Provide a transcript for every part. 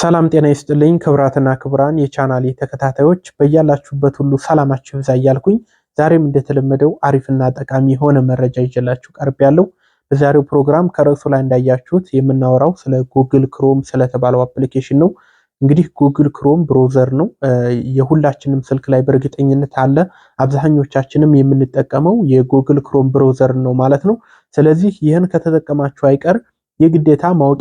ሰላም ጤና ይስጥልኝ ክብራትና ክብራን የቻናሌ ተከታታዮች በያላችሁበት ሁሉ ሰላማችሁ ይብዛ እያልኩኝ ዛሬም እንደተለመደው አሪፍና ጠቃሚ የሆነ መረጃ ይዤላችሁ ቀርብ ያለው። በዛሬው ፕሮግራም ከርዕሱ ላይ እንዳያችሁት የምናወራው ስለ ጉግል ክሮም ስለተባለው አፕሊኬሽን ነው። እንግዲህ ጉግል ክሮም ብሮዘር ነው፣ የሁላችንም ስልክ ላይ በእርግጠኝነት አለ። አብዛኞቻችንም የምንጠቀመው የጉግል ክሮም ብሮዘር ነው ማለት ነው። ስለዚህ ይህን ከተጠቀማችሁ አይቀር የግዴታ ማወቅ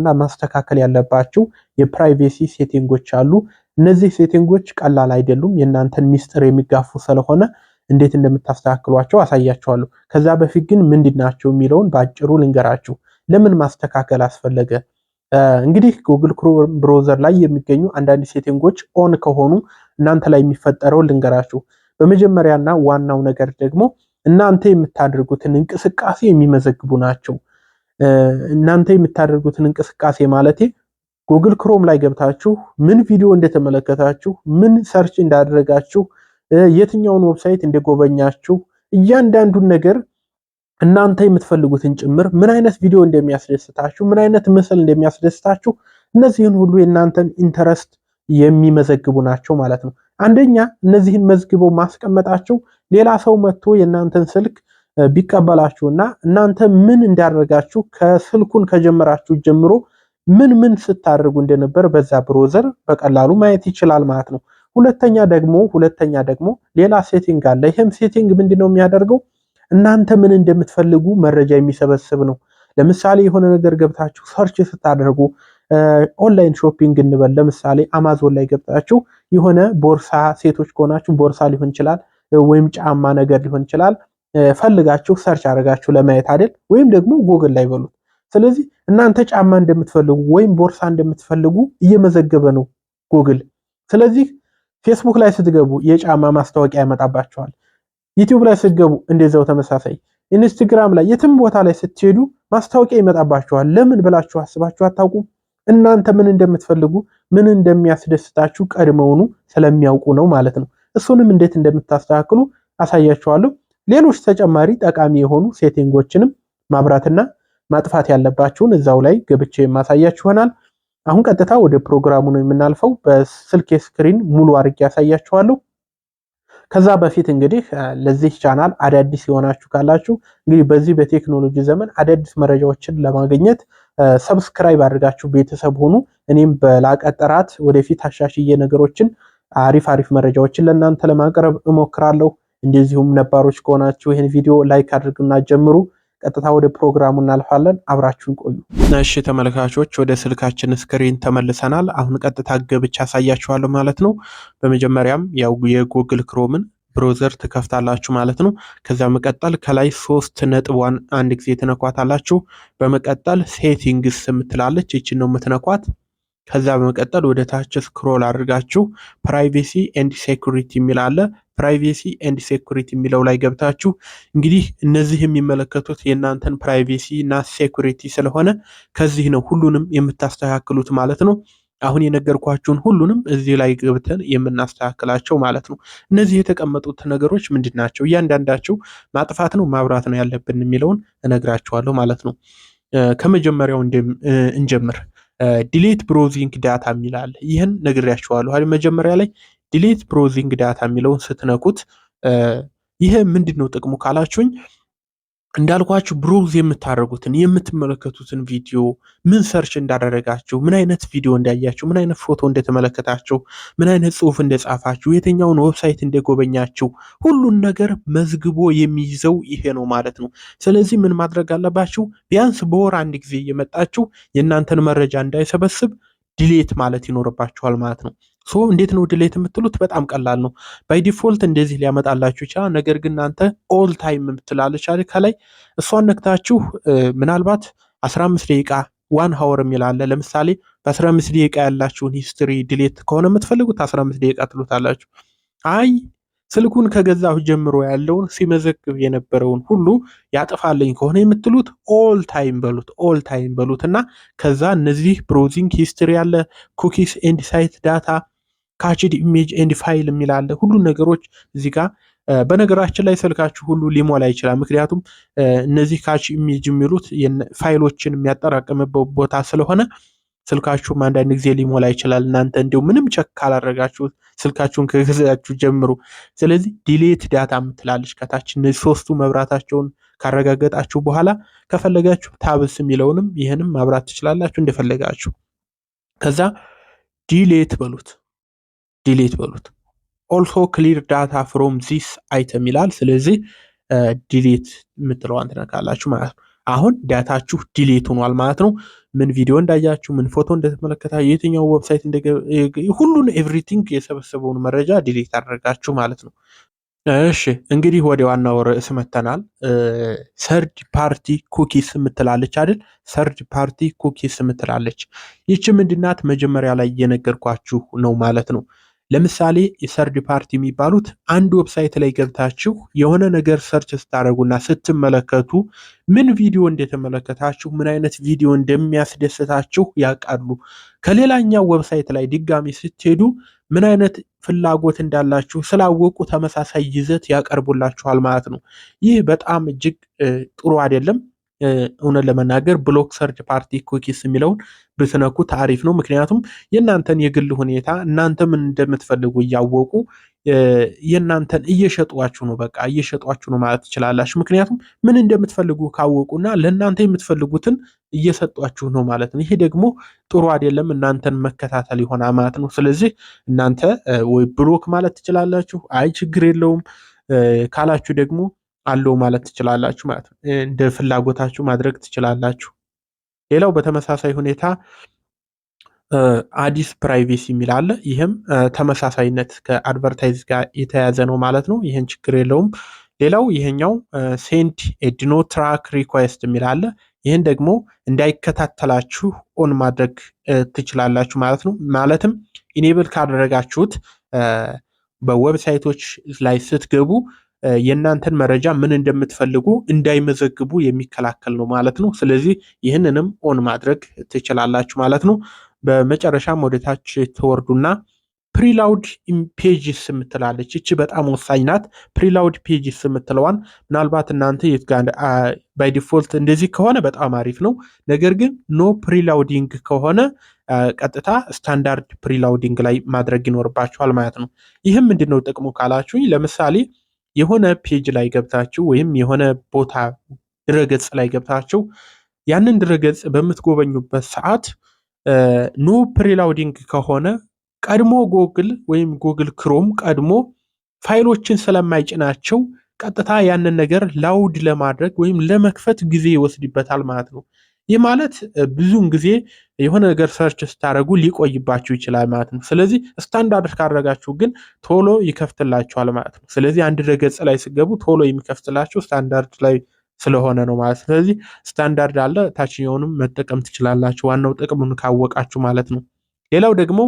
እና ማስተካከል ያለባችሁ የፕራይቬሲ ሴቲንጎች አሉ። እነዚህ ሴቲንጎች ቀላል አይደሉም። የእናንተን ሚስጥር የሚጋፉ ስለሆነ እንዴት እንደምታስተካክሏቸው አሳያችኋለሁ። ከዛ በፊት ግን ምንድን ናቸው የሚለውን በአጭሩ ልንገራችሁ። ለምን ማስተካከል አስፈለገ? እንግዲህ ጉግል ክሮም ብሮዘር ላይ የሚገኙ አንዳንድ ሴቲንጎች ኦን ከሆኑ እናንተ ላይ የሚፈጠረው ልንገራችሁ። በመጀመሪያና ዋናው ነገር ደግሞ እናንተ የምታደርጉትን እንቅስቃሴ የሚመዘግቡ ናቸው። እናንተ የምታደርጉትን እንቅስቃሴ ማለቴ ጉግል ክሮም ላይ ገብታችሁ ምን ቪዲዮ እንደተመለከታችሁ፣ ምን ሰርች እንዳደረጋችሁ፣ የትኛውን ዌብሳይት እንደጎበኛችሁ እያንዳንዱን ነገር እናንተ የምትፈልጉትን ጭምር ምን አይነት ቪዲዮ እንደሚያስደስታችሁ፣ ምን አይነት ምስል እንደሚያስደስታችሁ እነዚህን ሁሉ የእናንተን ኢንተረስት የሚመዘግቡ ናቸው ማለት ነው። አንደኛ እነዚህን መዝግበው ማስቀመጣቸው ሌላ ሰው መጥቶ የእናንተን ስልክ ቢቀበላችሁና እናንተ ምን እንዳደረጋችሁ ከስልኩን ከጀመራችሁ ጀምሮ ምን ምን ስታደርጉ እንደነበር በዛ ብሮዘር በቀላሉ ማየት ይችላል ማለት ነው። ሁለተኛ ደግሞ ሁለተኛ ደግሞ ሌላ ሴቲንግ አለ። ይህም ሴቲንግ ምንድነው የሚያደርገው እናንተ ምን እንደምትፈልጉ መረጃ የሚሰበስብ ነው። ለምሳሌ የሆነ ነገር ገብታችሁ ሰርች ስታደርጉ ኦንላይን ሾፒንግ እንበል ለምሳሌ አማዞን ላይ ገብታችሁ የሆነ ቦርሳ ሴቶች ከሆናችሁ ቦርሳ ሊሆን ይችላል፣ ወይም ጫማ ነገር ሊሆን ይችላል ፈልጋችሁ ሰርች አድርጋችሁ ለማየት አይደል? ወይም ደግሞ ጎግል ላይ በሉት። ስለዚህ እናንተ ጫማ እንደምትፈልጉ ወይም ቦርሳ እንደምትፈልጉ እየመዘገበ ነው ጎግል። ስለዚህ ፌስቡክ ላይ ስትገቡ የጫማ ማስታወቂያ ያመጣባቸዋል። ዩቲዩብ ላይ ስትገቡ እንደዛው ተመሳሳይ፣ ኢንስታግራም ላይ የትም ቦታ ላይ ስትሄዱ ማስታወቂያ ይመጣባቸዋል። ለምን ብላችሁ አስባችሁ አታውቁም። እናንተ ምን እንደምትፈልጉ ምን እንደሚያስደስታችሁ ቀድመውኑ ስለሚያውቁ ነው ማለት ነው። እሱንም እንዴት እንደምታስተካክሉ አሳያችኋለሁ። ሌሎች ተጨማሪ ጠቃሚ የሆኑ ሴቲንጎችንም ማብራትና ማጥፋት ያለባችሁን እዛው ላይ ገብቼ የማሳያችሁ ይሆናል። አሁን ቀጥታ ወደ ፕሮግራሙ ነው የምናልፈው። በስልክ ስክሪን ሙሉ አድርጌ ያሳያችኋለሁ። ከዛ በፊት እንግዲህ ለዚህ ቻናል አዳዲስ የሆናችሁ ካላችሁ እንግዲህ በዚህ በቴክኖሎጂ ዘመን አዳዲስ መረጃዎችን ለማግኘት ሰብስክራይብ አድርጋችሁ ቤተሰብ ሆኑ። እኔም በላቀ ጥራት ወደፊት አሻሽዬ ነገሮችን አሪፍ አሪፍ መረጃዎችን ለእናንተ ለማቅረብ እሞክራለሁ። እንደዚሁም ነባሮች ከሆናችሁ ይህን ቪዲዮ ላይክ አድርግና ጀምሩ። ቀጥታ ወደ ፕሮግራሙ እናልፋለን። አብራችሁን ቆዩ። እሺ ተመልካቾች፣ ወደ ስልካችን ስክሪን ተመልሰናል። አሁን ቀጥታ ገብቻ አሳያችኋለሁ ማለት ነው። በመጀመሪያም ያው የጉግል ክሮምን ብሮዘር ትከፍታላችሁ ማለት ነው። ከዚያ መቀጠል ከላይ ሶስት ነጥቧን አንድ ጊዜ ትነኳታላችሁ። በመቀጠል ሴቲንግስ የምትላለች ይችን ነው የምትነኳት ከዛ በመቀጠል ወደ ታች ስክሮል አድርጋችሁ ፕራይቬሲ ኤንድ ሴኩሪቲ የሚል አለ። ፕራይቬሲ ኤንድ ሴኩሪቲ የሚለው ላይ ገብታችሁ እንግዲህ እነዚህ የሚመለከቱት የእናንተን ፕራይቬሲ እና ሴኩሪቲ ስለሆነ ከዚህ ነው ሁሉንም የምታስተካክሉት ማለት ነው። አሁን የነገርኳችሁን ሁሉንም እዚህ ላይ ገብተን የምናስተካክላቸው ማለት ነው። እነዚህ የተቀመጡት ነገሮች ምንድን ናቸው? እያንዳንዳቸው ማጥፋት ነው ማብራት ነው ያለብን የሚለውን እነግራችኋለሁ ማለት ነው። ከመጀመሪያው እንጀምር። ዲሌት ብሮዚንግ ዳታ የሚል አለ። ይህን ነግሬያችኋለሁ መጀመሪያ ላይ ዲሌት ብሮዚንግ ዳታ የሚለውን ስትነኩት ይህ ምንድን ነው ጥቅሙ ካላችሁኝ እንዳልኳችሁ ብሮውዝ የምታደርጉትን የምትመለከቱትን ቪዲዮ ምን ሰርች እንዳደረጋችሁ፣ ምን አይነት ቪዲዮ እንዳያችሁ፣ ምን አይነት ፎቶ እንደተመለከታችሁ፣ ምን አይነት ጽሑፍ እንደጻፋችሁ፣ የትኛውን ዌብሳይት እንደጎበኛችሁ ሁሉን ነገር መዝግቦ የሚይዘው ይሄ ነው ማለት ነው። ስለዚህ ምን ማድረግ አለባችሁ? ቢያንስ በወር አንድ ጊዜ እየመጣችሁ የእናንተን መረጃ እንዳይሰበስብ ዲሌት ማለት ይኖርባችኋል ማለት ነው። ሶ እንዴት ነው ድሌት የምትሉት? በጣም ቀላል ነው። ባይ ዲፎልት እንደዚህ ሊያመጣላችሁ ይችላል። ነገር ግን እናንተ ኦል ታይም የምትላለች ከላይ እሷን ነክታችሁ ምናልባት 15 ደቂቃ ዋን ሀወር የሚላለ ለምሳሌ በ15 ደቂቃ ያላችሁን ሂስትሪ ዲሌት ከሆነ የምትፈልጉት 15 ደቂቃ ትሉታላችሁ። አይ ስልኩን ከገዛሁ ጀምሮ ያለውን ሲመዘግብ የነበረውን ሁሉ ያጠፋልኝ ከሆነ የምትሉት ኦል ታይም በሉት ኦል ታይም በሉት እና ከዛ እነዚህ ብሮዚንግ ሂስትሪ ያለ ኩኪስ ኤንድ ሳይት ዳታ ካችድ ኢሜጅ ኤንድ ፋይል የሚላለ ሁሉ ነገሮች እዚህ ጋር በነገራችን ላይ ስልካችሁ ሁሉ ሊሞላ ይችላል። ምክንያቱም እነዚህ ካች ኢሜጅ የሚሉት ፋይሎችን የሚያጠራቅምበት ቦታ ስለሆነ ስልካችሁም አንዳንድ ጊዜ ሊሞላ ይችላል። እናንተ እንዲሁ ምንም ቸክ ካላደረጋችሁት ስልካችሁን ከገዛችሁ ጀምሩ። ስለዚህ ዲሌት ዳታ ምትላለች ከታች እነዚህ ሶስቱ መብራታቸውን ካረጋገጣችሁ በኋላ ከፈለጋችሁ ታብስ የሚለውንም ይህንም ማብራት ትችላላችሁ እንደፈለጋችሁ። ከዛ ዲሌት በሉት ዲሌት በሉት። ኦልሶ ክሊር ዳታ ፍሮም ዚስ አይተም ይላል። ስለዚህ ዲሌት የምትለዋን ትነካላችሁ ማለት ነው። አሁን ዳታችሁ ዲሌት ሆኗል ማለት ነው። ምን ቪዲዮ እንዳያችሁ፣ ምን ፎቶ እንደተመለከታ፣ የትኛው ዌብሳይት ሁሉን ኤቭሪቲንግ የሰበሰበውን መረጃ ዲሌት አደረጋችሁ ማለት ነው። እሺ እንግዲህ ወደ ዋናው ርዕስ መተናል። ሰርድ ፓርቲ ኩኪስ የምትላለች አይደል? ሰርድ ፓርቲ ኩኪስ የምትላለች ይቺ ምንድናት? መጀመሪያ ላይ እየነገርኳችሁ ነው ማለት ነው። ለምሳሌ የሰርድ ፓርቲ የሚባሉት አንድ ዌብሳይት ላይ ገብታችሁ የሆነ ነገር ሰርች ስታደረጉና ስትመለከቱ ምን ቪዲዮ እንደተመለከታችሁ ምን አይነት ቪዲዮ እንደሚያስደስታችሁ ያውቃሉ። ከሌላኛው ዌብሳይት ላይ ድጋሚ ስትሄዱ ምን አይነት ፍላጎት እንዳላችሁ ስላወቁ ተመሳሳይ ይዘት ያቀርቡላችኋል ማለት ነው። ይህ በጣም እጅግ ጥሩ አይደለም። እውነት ለመናገር ብሎክ ሰርች ፓርቲ ኩኪስ የሚለውን ብትነኩት አሪፍ ነው። ምክንያቱም የእናንተን የግል ሁኔታ እናንተ ምን እንደምትፈልጉ እያወቁ የእናንተን እየሸጧችሁ ነው፣ በቃ እየሸጧችሁ ነው ማለት ትችላላችሁ። ምክንያቱም ምን እንደምትፈልጉ ካወቁና ለእናንተ የምትፈልጉትን እየሰጧችሁ ነው ማለት ነው። ይሄ ደግሞ ጥሩ አይደለም፣ እናንተን መከታተል ይሆና ማለት ነው። ስለዚህ እናንተ ወይ ብሎክ ማለት ትችላላችሁ፣ አይ ችግር የለውም ካላችሁ ደግሞ አለው ማለት ትችላላችሁ ማለት ነው። እንደ ፍላጎታችሁ ማድረግ ትችላላችሁ። ሌላው በተመሳሳይ ሁኔታ አዲስ ፕራይቬሲ የሚል አለ። ይህም ተመሳሳይነት ከአድቨርታይዝ ጋር የተያያዘ ነው ማለት ነው። ይህን ችግር የለውም። ሌላው ይሄኛው ሴንድ ኤድኖ ትራክ ሪኳስት የሚል አለ። ይህን ደግሞ እንዳይከታተላችሁ ኦን ማድረግ ትችላላችሁ ማለት ነው። ማለትም ኢኔብል ካደረጋችሁት በዌብሳይቶች ላይ ስትገቡ የእናንተን መረጃ ምን እንደምትፈልጉ እንዳይመዘግቡ የሚከላከል ነው ማለት ነው። ስለዚህ ይህንንም ኦን ማድረግ ትችላላችሁ ማለት ነው። በመጨረሻም ወደታች ትወርዱና ፕሪላውድ ፔጅስ የምትላለች እቺ በጣም ወሳኝ ናት። ፕሪላውድ ፔጅስ የምትለዋን ምናልባት እናንተ ባይ ዲፎልት እንደዚህ ከሆነ በጣም አሪፍ ነው። ነገር ግን ኖ ፕሪላውዲንግ ከሆነ ቀጥታ ስታንዳርድ ፕሪላውዲንግ ላይ ማድረግ ይኖርባችኋል ማለት ነው። ይህም ምንድን ነው ጥቅሙ ካላችሁኝ ለምሳሌ የሆነ ፔጅ ላይ ገብታችሁ ወይም የሆነ ቦታ ድረገጽ ላይ ያንን ድረገጽ በምትጎበኙበት ሰዓት ኖ ፕሪላውዲንግ ከሆነ ቀድሞ ጎግል ወይም ጉግል ክሮም ቀድሞ ፋይሎችን ስለማይጭናቸው ቀጥታ ያንን ነገር ላውድ ለማድረግ ወይም ለመክፈት ጊዜ ይወስድበታል ማለት ነው። ይህ ማለት ብዙውን ጊዜ የሆነ ነገር ሰርች ስታደረጉ ሊቆይባችሁ ይችላል ማለት ነው። ስለዚህ ስታንዳርድ ካደረጋችሁ ግን ቶሎ ይከፍትላችኋል ማለት ነው። ስለዚህ አንድ ድረገጽ ላይ ስገቡ ቶሎ የሚከፍትላችሁ ስታንዳርድ ላይ ስለሆነ ነው ማለት ነው። ስለዚህ ስታንዳርድ አለ፣ ታችኛውንም መጠቀም ትችላላችሁ። ዋናው ጥቅሙን ካወቃችሁ ማለት ነው። ሌላው ደግሞ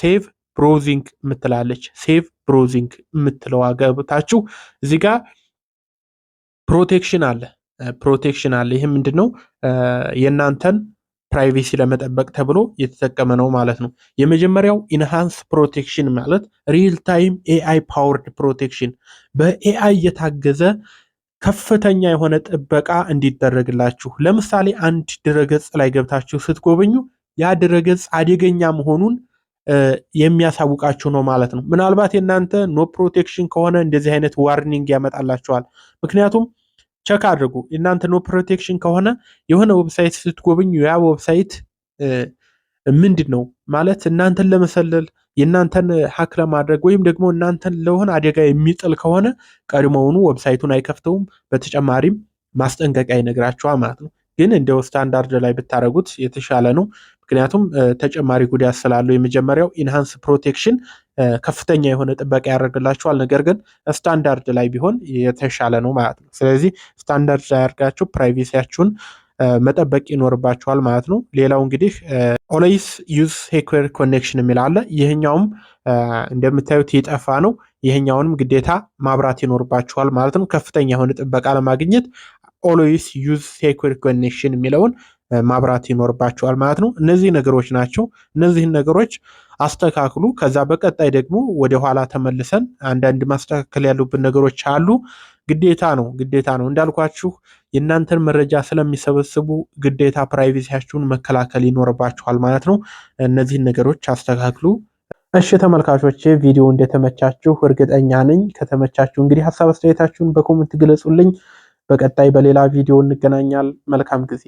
ሴቭ ብሮዚንግ የምትላለች ሴቭ ብሮዚንግ የምትለው እዚጋ እዚህ ጋር ፕሮቴክሽን አለ ፕሮቴክሽን አለ። ይህ ምንድን ነው? የእናንተን ፕራይቬሲ ለመጠበቅ ተብሎ የተጠቀመ ነው ማለት ነው። የመጀመሪያው ኢንሃንስ ፕሮቴክሽን ማለት ሪል ታይም ኤአይ ፓወርድ ፕሮቴክሽን በኤአይ የታገዘ ከፍተኛ የሆነ ጥበቃ እንዲደረግላችሁ። ለምሳሌ አንድ ድረገጽ ላይ ገብታችሁ ስትጎበኙ ያ ድረገጽ አደገኛ መሆኑን የሚያሳውቃችሁ ነው ማለት ነው። ምናልባት የእናንተ ኖ ፕሮቴክሽን ከሆነ እንደዚህ አይነት ዋርኒንግ ያመጣላችኋል። ምክንያቱም ቸክ አድርጉ። እናንተ ኖ ፕሮቴክሽን ከሆነ የሆነ ዌብሳይት ስትጎበኙ ያ ዌብሳይት ምንድን ነው ማለት እናንተን ለመሰለል የእናንተን ሀክ ለማድረግ ወይም ደግሞ እናንተን ለሆነ አደጋ የሚጥል ከሆነ ቀድሞውኑ ዌብሳይቱን አይከፍተውም። በተጨማሪም ማስጠንቀቂያ ይነግራችኋል ማለት ነው። ግን እንደው ስታንዳርድ ላይ ብታደረጉት የተሻለ ነው። ምክንያቱም ተጨማሪ ጉዳት ስላለው የመጀመሪያው ኢንሃንስ ፕሮቴክሽን ከፍተኛ የሆነ ጥበቃ ያደርግላቸዋል ነገር ግን ስታንዳርድ ላይ ቢሆን የተሻለ ነው ማለት ነው። ስለዚህ ስታንዳርድ ላይ ያደርጋችሁ ፕራይቬሲያችሁን መጠበቅ ይኖርባቸዋል ማለት ነው። ሌላው እንግዲህ ኦሌይስ ዩዝ ሴኩር ኮኔክሽን የሚል አለ። ይህኛውም እንደምታዩት የጠፋ ነው። ይህኛውንም ግዴታ ማብራት ይኖርባቸዋል ማለት ነው። ከፍተኛ የሆነ ጥበቃ ለማግኘት ኦልዌይስ ዩዝ ሴኩር ኮኔክሽን የሚለውን ማብራት ይኖርባቸዋል ማለት ነው። እነዚህ ነገሮች ናቸው። እነዚህን ነገሮች አስተካክሉ። ከዛ በቀጣይ ደግሞ ወደኋላ ተመልሰን አንዳንድ ማስተካከል ያሉብን ነገሮች አሉ። ግዴታ ነው ግዴታ ነው እንዳልኳችሁ የእናንተን መረጃ ስለሚሰበስቡ ግዴታ ፕራይቬሲያችሁን መከላከል ይኖርባችኋል ማለት ነው። እነዚህን ነገሮች አስተካክሉ። እሺ ተመልካቾች ቪዲዮ እንደተመቻችሁ እርግጠኛ ነኝ። ከተመቻችሁ እንግዲህ ሀሳብ አስተያየታችሁን በኮመንት ግለጹልኝ። በቀጣይ በሌላ ቪዲዮ እንገናኛል። መልካም ጊዜ